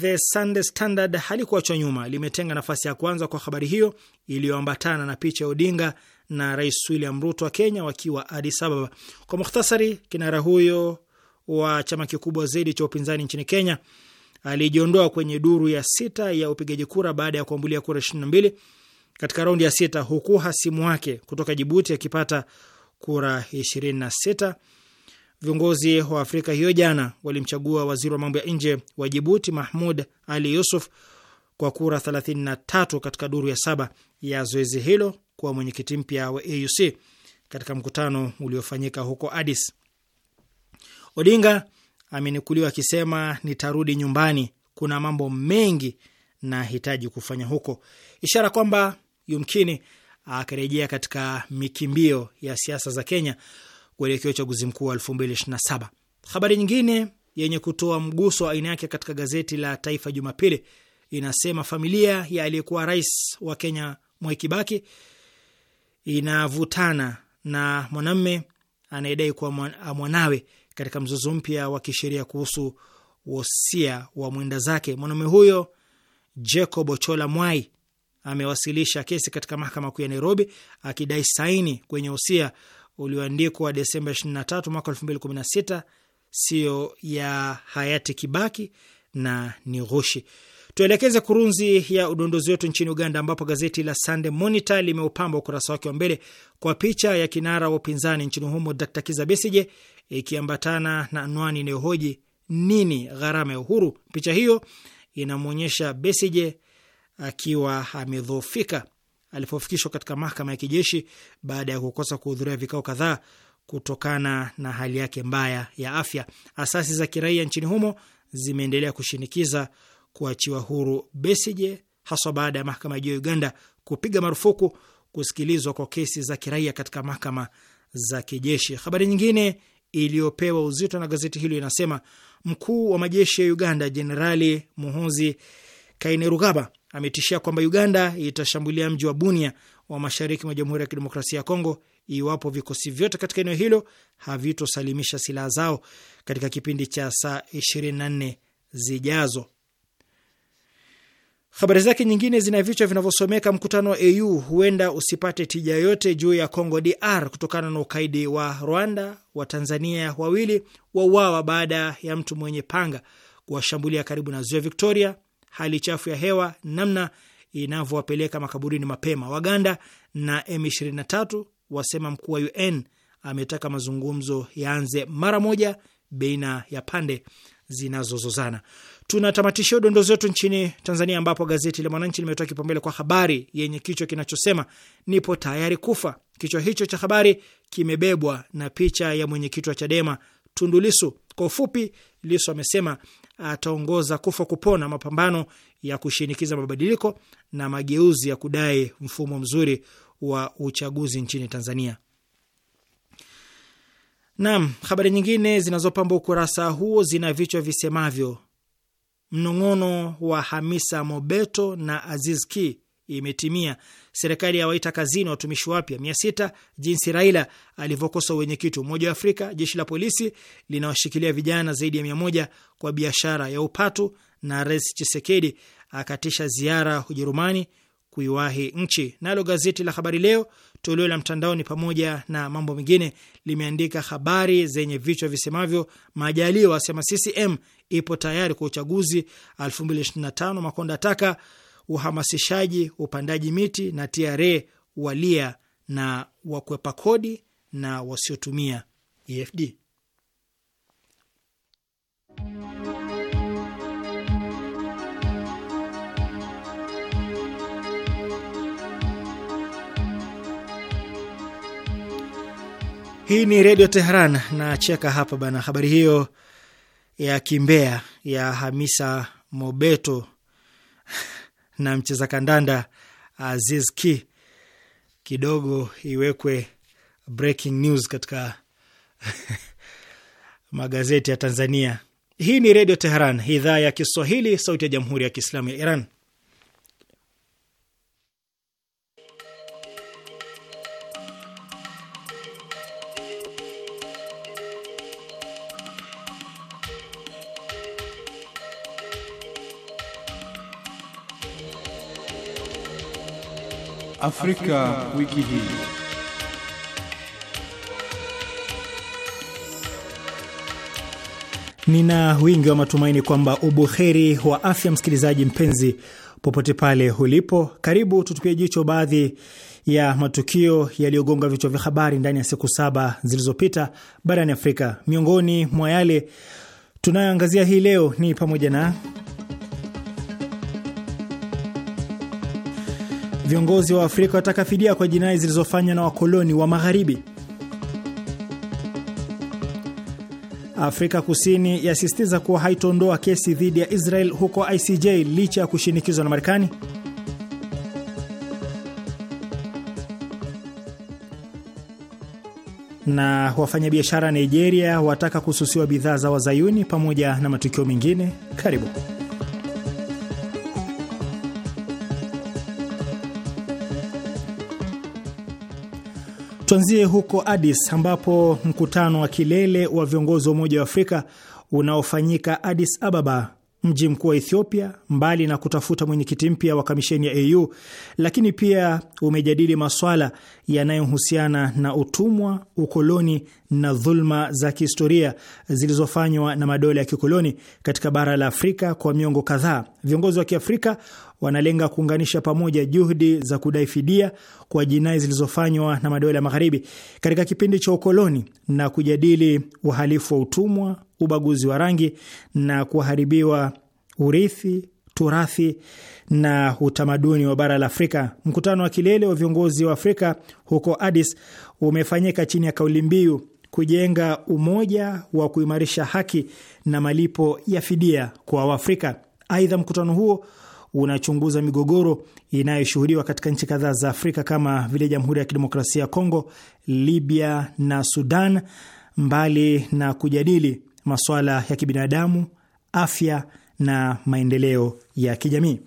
The Sunday Standard halikuachwa nyuma, limetenga nafasi ya kwanza kwa habari hiyo iliyoambatana na picha ya Odinga na Rais William Ruto wa Kenya wakiwa Addis Ababa. Kwa mukhtasari, kinara huyo wa chama kikubwa zaidi cha upinzani nchini Kenya alijiondoa kwenye duru ya sita ya upigaji kura baada ya kuambulia kura mbili katika raundi ya sita, huku hasimu wake kutoka Jibuti akipata kura sita. Viongozi wa Afrika hiyo jana walimchagua waziri wa mambo ya nje wa Jibuti Mahmud Ali Yusuf kwa kura 33 katika duru ya saba ya zoezi hilo kuwa mwenyekiti mpya wa AUC katika mkutano uliofanyika huko Addis Odinga amenukuliwa akisema nitarudi nyumbani, kuna mambo mengi nahitaji kufanya huko, ishara kwamba yumkini akarejea katika mikimbio ya siasa za Kenya kuelekea uchaguzi mkuu wa 2027. Habari nyingine yenye kutoa mguso wa aina yake katika gazeti la Taifa Jumapili inasema familia ya aliyekuwa rais wa Kenya Mwai Kibaki inavutana na mwanamme anayedai kuwa mwanawe katika mzozo mpya wa kisheria kuhusu wosia wa mwenda zake. Mwanaume huyo Jacob Ochola Mwai amewasilisha kesi katika mahakama kuu ya Nairobi akidai saini kwenye wosia ulioandikwa Desemba 23 mwaka 2016 siyo ya hayati Kibaki na ni ghushi. Tuelekeze kurunzi ya udondozi wetu nchini Uganda, ambapo gazeti la Sunday Monitor limeupamba ukurasa wake wa mbele kwa picha ya kinara wa upinzani nchini humo Dr Kiza Besije ikiambatana na anwani inayohoji nini gharama ya uhuru. Picha hiyo inamwonyesha Besije akiwa amedhoofika alipofikishwa katika mahakama ya kijeshi baada ya kukosa kuhudhuria vikao kadhaa kutokana na hali yake mbaya ya afya. Asasi za kiraia nchini humo zimeendelea kushinikiza kuachiwa huru Besije, haswa baada ya mahakama ya juu ya Uganda kupiga marufuku kusikilizwa kwa kesi za kiraia katika mahakama za kijeshi. Habari nyingine iliyopewa uzito na gazeti hilo inasema mkuu wa majeshi ya Uganda Jenerali muhuzi Kainerugaba ametishia kwamba Uganda itashambulia mji wa Bunia wa mashariki mwa Jamhuri ya Kidemokrasia ya Kongo iwapo vikosi vyote katika eneo hilo havitosalimisha silaha zao katika kipindi cha saa 24 zijazo. Habari zake nyingine zina vichwa vinavyosomeka mkutano wa AU huenda usipate tija yoyote juu ya Congo DR kutokana na ukaidi wa Rwanda, wa Tanzania wawili wauawa baada ya mtu mwenye panga kuwashambulia karibu na ziwa Victoria, hali chafu ya hewa namna inavyowapeleka makaburini mapema, Waganda na M23 wasema mkuu wa UN ametaka mazungumzo yaanze mara moja baina ya pande zinazozozana. Tunatamatishia udondozi wetu nchini Tanzania, ambapo gazeti la Mwananchi limetoa kipaumbele kwa habari yenye kichwa kinachosema nipo tayari kufa. Kichwa hicho cha habari kimebebwa na picha ya mwenyekiti wa Chadema Tundu Kwa ufupi, Lisu amesema ataongoza kufa kupona mapambano ya kushinikiza mabadiliko na mageuzi ya kudai mfumo mzuri wa uchaguzi nchini Tanzania. Naam, habari nyingine zinazopamba ukurasa huo zina vichwa visemavyo Mnong'ono wa Hamisa Mobeto na Aziz Ki imetimia. Serikali yawaita kazini watumishi wapya mia sita jinsi Raila alivyokosa uwenyekiti Umoja wa Afrika. Jeshi la polisi linawashikilia vijana zaidi ya mia moja kwa biashara ya upatu, na Rais Chisekedi akatisha ziara Ujerumani kuiwahi nchi. Nalo gazeti la Habari Leo toleo la mtandaoni, pamoja na mambo mengine, limeandika habari zenye vichwa visemavyo: Majaliwa asema CCM ipo tayari kwa uchaguzi 2025. Makonda ataka uhamasishaji upandaji miti na TRA walia na wakwepa kodi na wasiotumia EFD. Hii ni Redio Teheran na cheka hapa bana. Habari hiyo ya kimbea ya Hamisa Mobeto [laughs] na mcheza kandanda Aziz Ki kidogo iwekwe breaking news katika [laughs] magazeti ya Tanzania. Hii ni Redio Teheran, idhaa ya Kiswahili, sauti ya Jamhuri ya Kiislamu ya Iran. Afrika, wiki hii. Nina wingi wa matumaini kwamba ubuheri wa afya, msikilizaji mpenzi, popote pale ulipo. Karibu tutupie jicho baadhi ya matukio yaliyogonga vichwa vya habari ndani ya siku saba zilizopita barani Afrika. Miongoni mwa yale tunayoangazia hii leo ni pamoja na Viongozi wa Afrika wataka fidia kwa jinai zilizofanywa na wakoloni wa Magharibi. Afrika Kusini yasisitiza kuwa haitoondoa kesi dhidi ya Israel huko ICJ licha ya kushinikizwa na Marekani. Na wafanyabiashara Nigeria wataka kususiwa bidhaa za Wazayuni, pamoja na matukio mengine. Karibu. Tuanzie huko Addis ambapo mkutano wa kilele wa viongozi wa Umoja wa Afrika unaofanyika Addis Ababa, mji mkuu wa Ethiopia, mbali na kutafuta mwenyekiti mpya wa kamisheni ya AU, lakini pia umejadili maswala yanayohusiana na utumwa, ukoloni na dhulma za kihistoria zilizofanywa na madola ya kikoloni katika bara la Afrika kwa miongo kadhaa. Viongozi wa Kiafrika wanalenga kuunganisha pamoja juhudi za kudai fidia kwa jinai zilizofanywa na madola ya magharibi katika kipindi cha ukoloni na kujadili uhalifu wa utumwa, ubaguzi wa rangi na kuharibiwa urithi turathi na utamaduni wa bara la Afrika. Mkutano wa kilele wa viongozi wa Afrika huko Addis umefanyika chini ya kauli mbiu kujenga umoja wa kuimarisha haki na malipo ya fidia kwa Waafrika. Aidha, mkutano huo unachunguza migogoro inayoshuhudiwa katika nchi kadhaa za Afrika kama vile Jamhuri ya Kidemokrasia ya Kongo, Libya na Sudan, mbali na kujadili masuala ya kibinadamu, afya na maendeleo ya kijamii.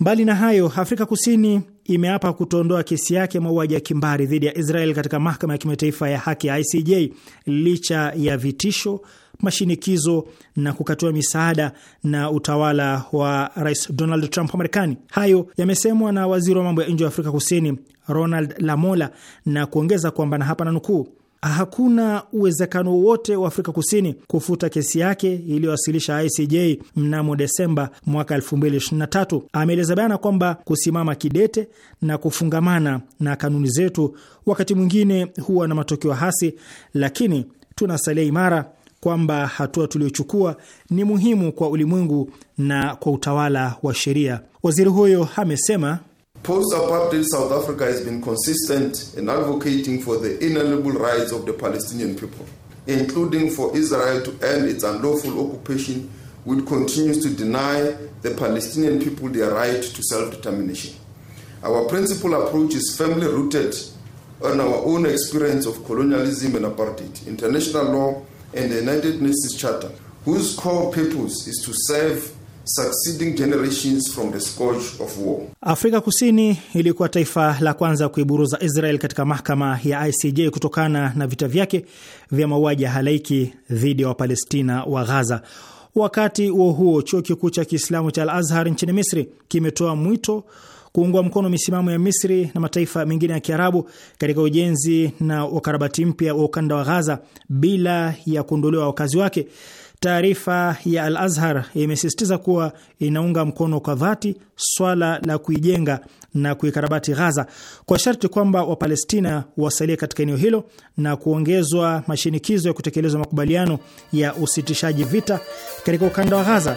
Mbali na hayo, Afrika Kusini imeapa kutoondoa kesi yake ya mauaji ya kimbari dhidi ya Israel katika mahakama ya kimataifa ya haki ya ICJ licha ya vitisho mashinikizo na kukatiwa misaada na utawala wa Rais Donald Trump wa Marekani. Hayo yamesemwa na waziri wa mambo ya nje wa Afrika Kusini Ronald Lamola na kuongeza kwamba, na hapa na nukuu, hakuna uwezekano wowote wa Afrika Kusini kufuta kesi yake iliyowasilisha ICJ mnamo Desemba mwaka 2023. Ameeleza bayana kwamba kusimama kidete na kufungamana na kanuni zetu wakati mwingine huwa na matokeo hasi, lakini tunasalia imara kwamba hatua tuliochukua ni muhimu kwa ulimwengu na kwa utawala wa sheria. Waziri huyo amesema Post-apartheid South Africa has been consistent in advocating for the inalienable rights of the Palestinian people, including for Israel to end its unlawful occupation, which continues to deny the Palestinian people their right to self-determination. Our principal approach is firmly rooted on our own experience of colonialism and apartheid, international law, and the United Nations Charter, whose core purpose is to save succeeding generations from the scourge of war. Afrika Kusini ilikuwa taifa la kwanza kuiburuza Israel katika mahakama ya ICJ kutokana na vita vyake vya mauaji ya halaiki dhidi ya Wapalestina wa Gaza. Wakati huo huo, chuo kikuu cha Kiislamu cha Al Azhar nchini Misri kimetoa mwito kuungwa mkono misimamo ya Misri na mataifa mengine ya Kiarabu katika ujenzi na ukarabati mpya wa ukanda wa Ghaza bila ya kuondolewa wakazi wake. Taarifa ya Al Azhar imesisitiza kuwa inaunga mkono kwa dhati swala la kuijenga na kuikarabati Ghaza kwa sharti kwamba Wapalestina wasalie katika eneo hilo na kuongezwa mashinikizo ya kutekelezwa makubaliano ya usitishaji vita katika ukanda wa Ghaza.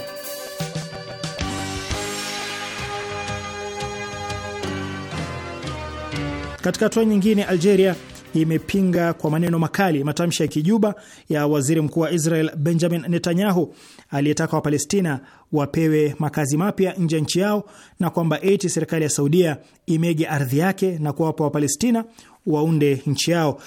Katika hatua nyingine, Algeria imepinga kwa maneno makali matamshi ya kijuba ya waziri mkuu wa Israel Benjamin Netanyahu aliyetaka Wapalestina wapewe makazi mapya nje ya nchi yao na kwamba eti serikali ya Saudia imege ardhi yake na kuwapa Wapalestina waunde nchi yao.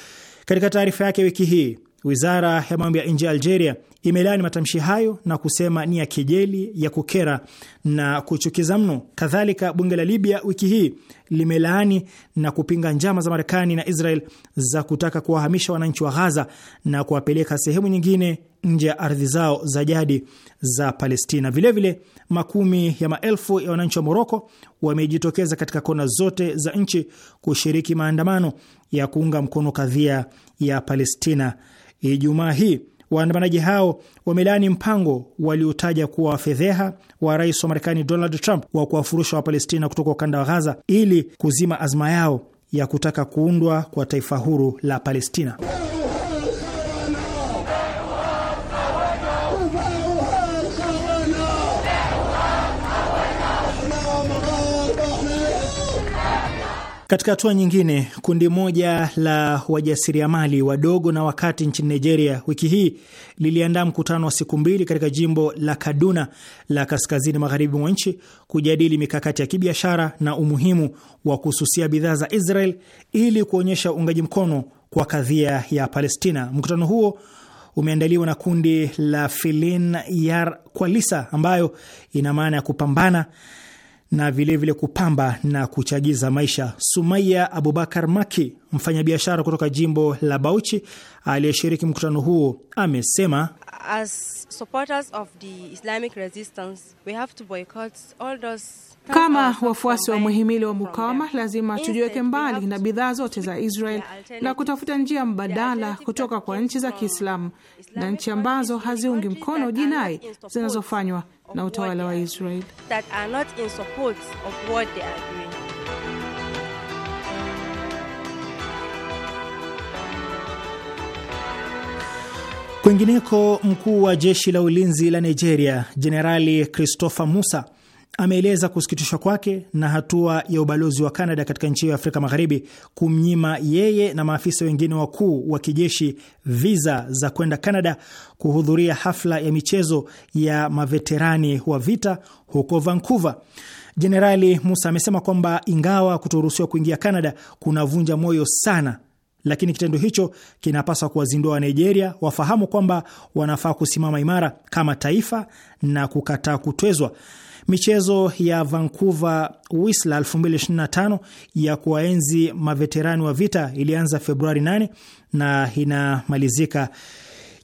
Katika taarifa yake wiki hii, wizara ya mambo ya nje ya Algeria imelaani matamshi hayo na kusema ni ya kejeli ya kukera na kuchukiza mno. Kadhalika, bunge la Libya wiki hii limelaani na kupinga njama za Marekani na Israel za kutaka kuwahamisha wananchi wa Ghaza na kuwapeleka sehemu nyingine nje ya ardhi zao za jadi za Palestina. Vilevile vile, makumi ya maelfu ya wananchi wa Moroko wamejitokeza katika kona zote za nchi kushiriki maandamano ya kuunga mkono kadhia ya Palestina Ijumaa hii. Waandamanaji hao wamelaani mpango waliotaja kuwa wafedheha wa rais wa Marekani Donald Trump wa kuwafurusha Wapalestina kutoka ukanda wa Ghaza ili kuzima azma yao ya kutaka kuundwa kwa taifa huru la Palestina. Katika hatua nyingine, kundi moja la wajasiriamali wadogo na wakati nchini Nigeria wiki hii liliandaa mkutano wa siku mbili katika jimbo la Kaduna la kaskazini magharibi mwa nchi kujadili mikakati ya kibiashara na umuhimu wa kususia bidhaa za Israel ili kuonyesha uungaji mkono kwa kadhia ya Palestina. Mkutano huo umeandaliwa na kundi la Filin Yar Kwalisa ambayo ina maana ya kupambana na vilevile vile kupamba na kuchagiza maisha. Sumaiya Abubakar Maki, mfanyabiashara kutoka jimbo la Bauchi aliyeshiriki mkutano huo, amesema As supporters of the Islamic resistance we have to boycott all those kama wafuasi wa muhimili wa mukawama, lazima tujiweke mbali na bidhaa zote za Israel na kutafuta njia mbadala kutoka kwa nchi za Kiislamu na nchi ambazo haziungi mkono jinai zinazofanywa na utawala wa Israel. Kwingineko, mkuu wa jeshi la ulinzi la Nigeria Jenerali Christopher Musa ameeleza kusikitishwa kwake na hatua ya ubalozi wa canada katika nchi hiyo ya Afrika Magharibi kumnyima yeye na maafisa wengine wakuu wa kijeshi viza za kwenda canada kuhudhuria hafla ya michezo ya maveterani wa vita huko Vancouver. Jenerali Musa amesema kwamba ingawa kutoruhusiwa kuingia canada kunavunja moyo sana, lakini kitendo hicho kinapaswa kuwazindua wa Nigeria wafahamu kwamba wanafaa kusimama imara kama taifa na kukataa kutwezwa. Michezo ya Vancouver Whistler 2025 ya kuwaenzi maveterani wa vita ilianza Februari 8 na inamalizika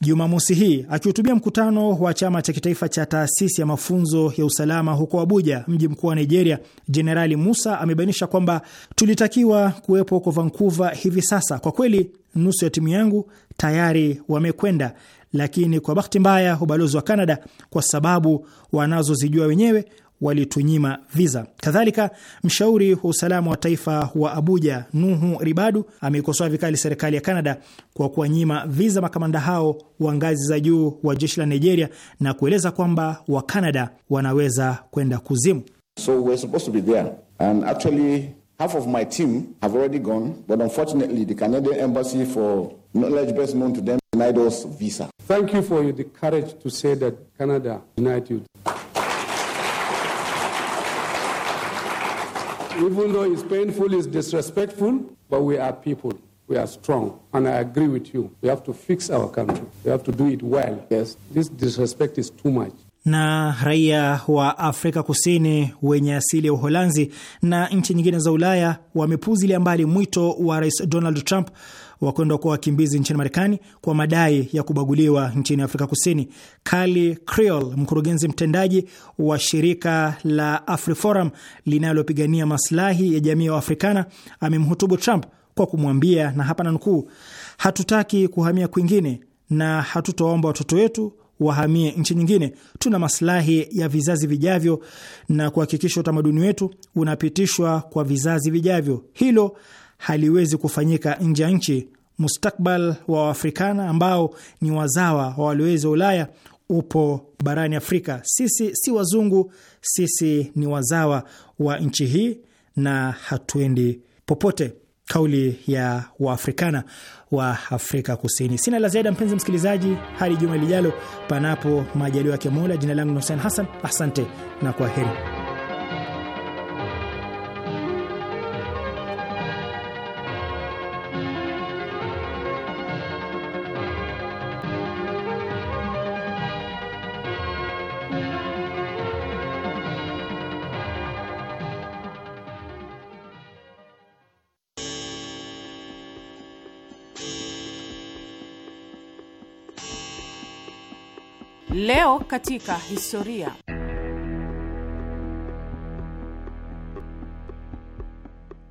Jumamosi hii. Akihutubia mkutano wa chama cha kitaifa cha taasisi ya mafunzo ya usalama huko Abuja, mji mkuu wa Nigeria, Jenerali Musa amebainisha kwamba tulitakiwa kuwepo huko Vancouver hivi sasa. Kwa kweli nusu ya timu yangu tayari wamekwenda lakini kwa bahati mbaya ubalozi wa Kanada, kwa sababu wanazozijua wenyewe, walitunyima viza. Kadhalika, mshauri wa usalama wa taifa wa Abuja, Nuhu Ribadu, ameikosoa vikali serikali ya Kanada kwa kuwanyima viza makamanda hao wa ngazi za juu wa jeshi la Nigeria na kueleza kwamba Wakanada wanaweza kwenda kuzimu. So we're supposed to be there. And actually half of my team have already gone, but unfortunately the Canadian embassy for knowledge known to them denied us visa. Thank you for the courage to say that Canada denied you. Even though it's painful, it's disrespectful, but we are people. We are strong. And I agree with you. We have to fix our country. We have to do it well. Yes. This disrespect is too much na raia wa Afrika Kusini wenye asili ya Uholanzi na nchi nyingine za Ulaya wamepuzilia mbali mwito wa Rais Donald Trump wa kwenda kuwa wakimbizi nchini Marekani kwa madai ya kubaguliwa nchini Afrika Kusini. Kali Creol, mkurugenzi mtendaji wa shirika la AfriForum linalopigania maslahi ya jamii ya Waafrikana, amemhutubu Trump kwa kumwambia, na hapa nanukuu, hatutaki kuhamia kwingine na hatutoomba watoto wetu wahamie nchi nyingine. Tuna maslahi ya vizazi vijavyo na kuhakikisha utamaduni wetu unapitishwa kwa vizazi vijavyo. Hilo haliwezi kufanyika nje ya nchi mustakbal wa Waafrikana ambao ni wazawa wa waliowezi wa Ulaya upo barani Afrika. Sisi si wazungu, sisi ni wazawa wa nchi hii na hatuendi popote. Kauli ya Waafrikana wa Afrika Kusini. Sina la ziada, mpenzi msikilizaji, hadi juma lijalo, panapo majaliwa yake Mola. Jina langu ni Hussein Hassan, asante na kwa heri. Leo katika historia.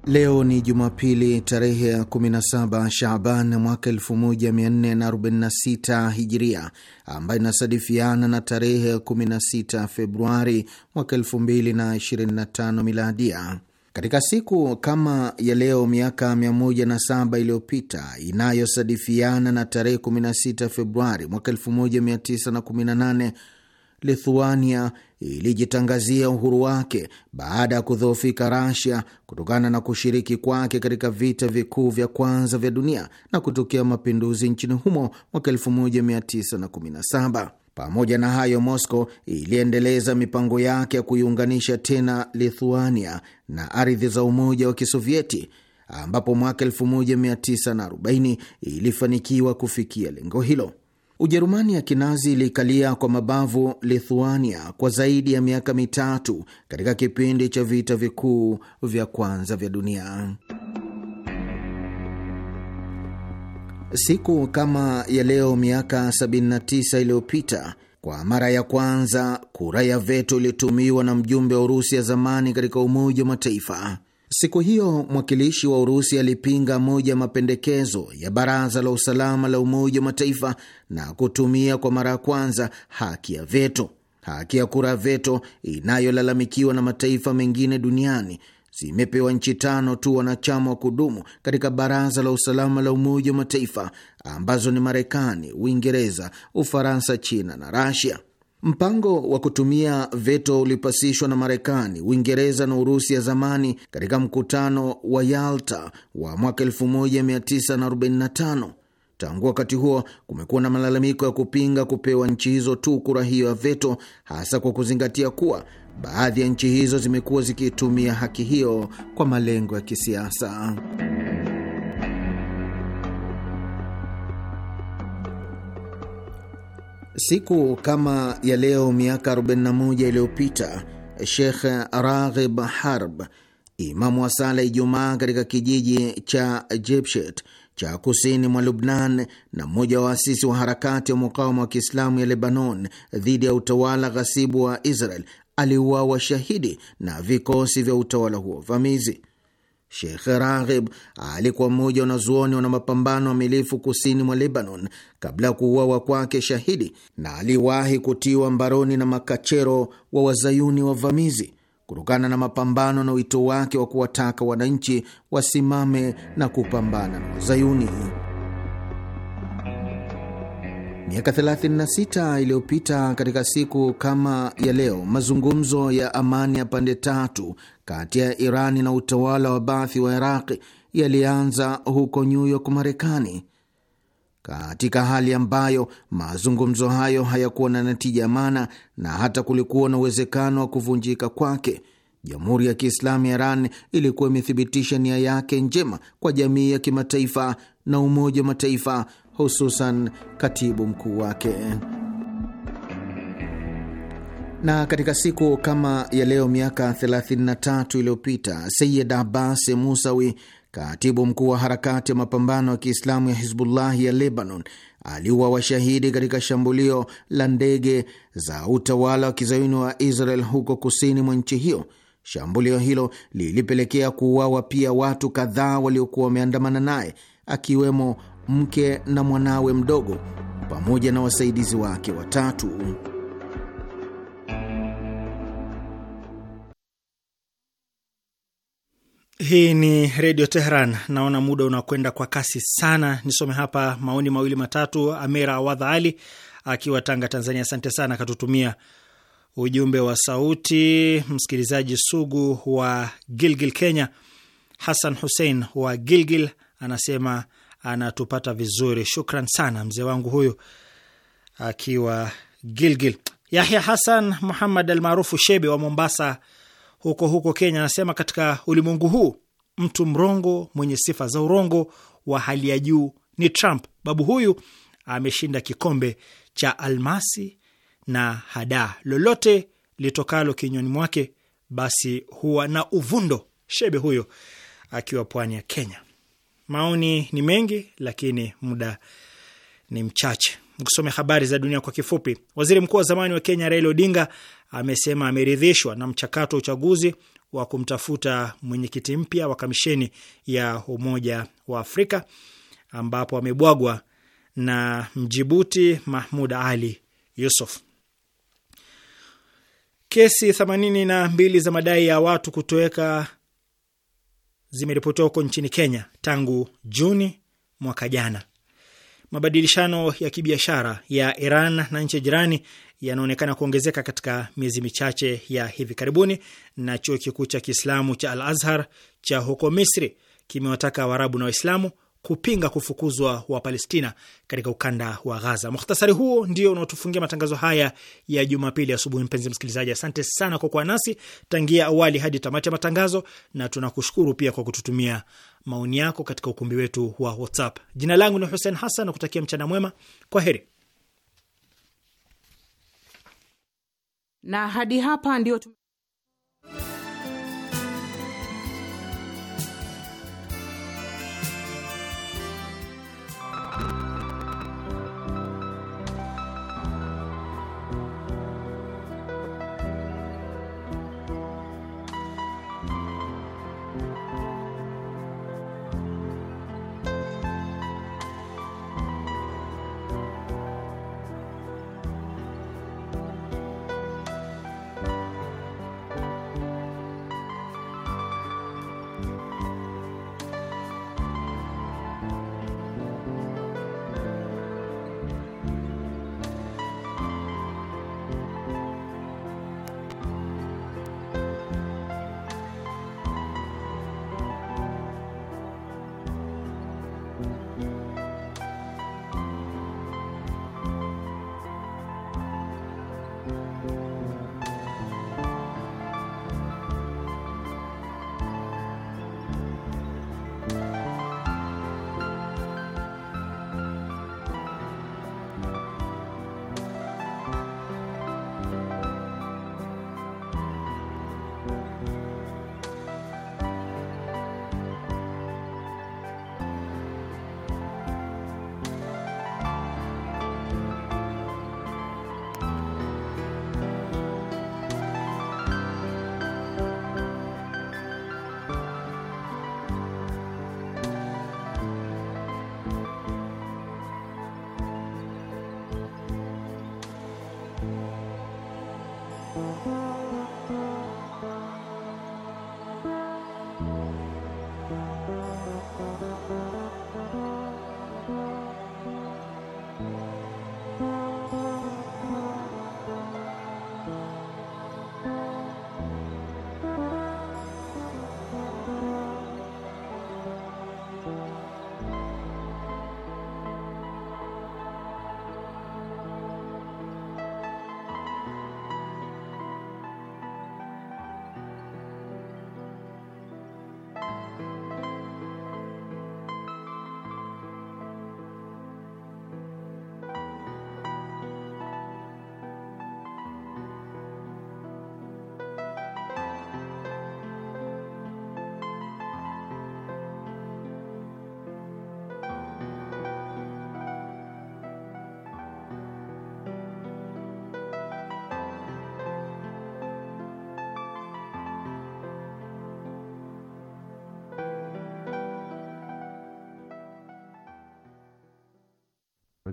Leo ni Jumapili tarehe ya 17 Shaban mwaka 1446 Hijiria, ambayo inasadifiana na tarehe ya 16 Februari mwaka 2025 Miladia. Katika siku kama ya leo miaka 107 iliyopita inayosadifiana na tarehe 16 Februari mwaka 1918 Lithuania ilijitangazia uhuru wake baada ya kudhoofika Rasia kutokana na kushiriki kwake katika vita vikuu vya kwanza vya dunia na kutokea mapinduzi nchini humo mwaka 1917. Pamoja na hayo, Moscow iliendeleza mipango yake ya kuiunganisha tena Lithuania na ardhi za Umoja wa Kisovieti, ambapo mwaka 1940 ilifanikiwa kufikia lengo hilo. Ujerumani ya kinazi ilikalia kwa mabavu Lithuania kwa zaidi ya miaka mitatu katika kipindi cha vita vikuu vya kwanza vya dunia. Siku kama ya leo miaka 79 iliyopita, kwa mara ya kwanza kura ya veto ilitumiwa na mjumbe wa Urusi ya zamani katika Umoja wa Mataifa. Siku hiyo mwakilishi wa Urusi alipinga moja ya mapendekezo ya Baraza la Usalama la Umoja wa Mataifa na kutumia kwa mara ya kwanza haki ya veto. Haki ya kura ya veto inayolalamikiwa na mataifa mengine duniani zimepewa nchi tano tu wanachama wa kudumu katika Baraza la Usalama la Umoja wa Mataifa, ambazo ni Marekani, Uingereza, Ufaransa, China na Rasia. Mpango wa kutumia veto ulipasishwa na Marekani, Uingereza na Urusi ya zamani katika mkutano wa Yalta wa mwaka 1945. Tangu wakati huo kumekuwa na malalamiko ya kupinga kupewa nchi hizo tu kura hiyo ya veto, hasa kwa kuzingatia kuwa Baadhi ya nchi hizo zimekuwa zikitumia haki hiyo kwa malengo ya kisiasa. Siku kama ya leo miaka 41 iliyopita shekh Raghib Harb, imamu wa sala Ijumaa katika kijiji cha Jebshet cha kusini mwa Lubnan na mmoja wa waasisi wa harakati ya mukawama wa Kiislamu ya Lebanon dhidi ya utawala ghasibu wa Israel aliuawa shahidi na vikosi vya utawala huo vamizi. Sheikh Raghib alikuwa mmoja wanazuoni wana mapambano amilifu kusini mwa Lebanon kabla ya kuuawa kwake shahidi, na aliwahi kutiwa mbaroni na makachero wa wazayuni wavamizi kutokana na mapambano na wito wake wa kuwataka wananchi wasimame na kupambana na wazayuni. Miaka 36 iliyopita katika siku kama ya leo, mazungumzo ya amani ya pande tatu kati ya Irani na utawala wa Baathi wa Iraqi yalianza huko New York, Marekani, katika hali ambayo mazungumzo hayo hayakuwa na natija maana na hata kulikuwa na uwezekano wa kuvunjika kwake. Jamhuri ya Kiislamu ya Iran ilikuwa imethibitisha nia yake njema kwa jamii ya kimataifa na Umoja wa Mataifa hususan katibu mkuu wake. Na katika siku kama ya leo miaka 33 iliyopita Sayid Abbas Musawi, katibu mkuu wa harakati ya mapambano ya Kiislamu ya Hizbullahi ya Lebanon, aliuwa washahidi katika shambulio la ndege za utawala wa kizayuni wa Israel huko kusini mwa nchi hiyo. Shambulio hilo lilipelekea kuuawa pia watu kadhaa waliokuwa wameandamana naye akiwemo mke na mwanawe mdogo pamoja na wasaidizi wake watatu. Hii ni Redio Teheran. Naona muda unakwenda kwa kasi sana, nisome hapa maoni mawili matatu. Amira Awadha Ali akiwa Tanga, Tanzania, asante sana, akatutumia ujumbe wa sauti. Msikilizaji sugu wa Gilgil, Kenya, Hassan Hussein wa Gilgil anasema anatupata vizuri. Shukran sana mzee wangu huyu akiwa Gilgil. Yahya Hasan Muhammad almaarufu Shebe wa Mombasa huko huko Kenya anasema katika ulimwengu huu mtu mrongo mwenye sifa za urongo wa hali ya juu ni Trump. Babu huyu ameshinda kikombe cha almasi na hada lolote litokalo kinywani mwake basi huwa na uvundo. Shebe huyo akiwa pwani ya Kenya. Maoni ni mengi lakini muda ni mchache. Nikusome habari za dunia kwa kifupi. Waziri mkuu wa zamani wa Kenya Raila Odinga amesema ameridhishwa na mchakato wa uchaguzi wa kumtafuta mwenyekiti mpya wa kamisheni ya Umoja wa Afrika ambapo amebwagwa na Mjibuti Mahmud Ali Yusuf. Kesi themanini na mbili za madai ya watu kutoweka zimeripotiwa huko nchini Kenya tangu Juni mwaka jana. Mabadilishano ya kibiashara ya Iran na nchi jirani yanaonekana kuongezeka katika miezi michache ya hivi karibuni, na chuo kikuu cha Kiislamu cha Al Azhar cha huko Misri kimewataka Waarabu na Waislamu kupinga kufukuzwa wa Palestina katika ukanda wa Gaza. Mukhtasari huo ndio unaotufungia matangazo haya ya Jumapili asubuhi. Mpenzi msikilizaji, asante sana kwa kuwa nasi tangia awali hadi tamati ya matangazo, na tunakushukuru pia kwa kututumia maoni yako katika ukumbi wetu wa WhatsApp. Jina langu ni Hussein Hassan na kutakia mchana mwema. Kwa heri na hadi hapa ndio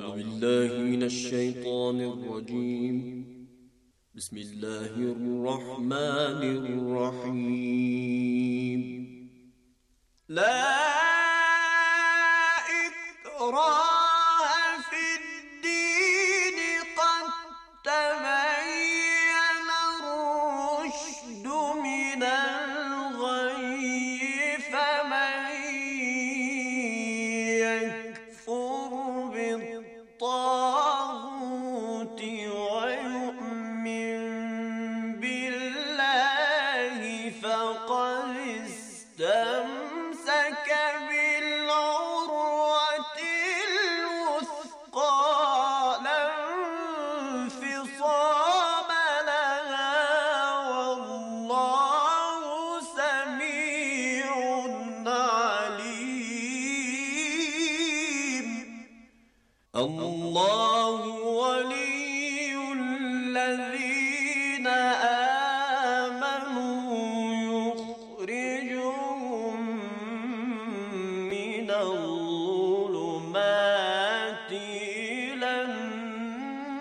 أعوذ بالله من الشيطان الرجيم بسم الله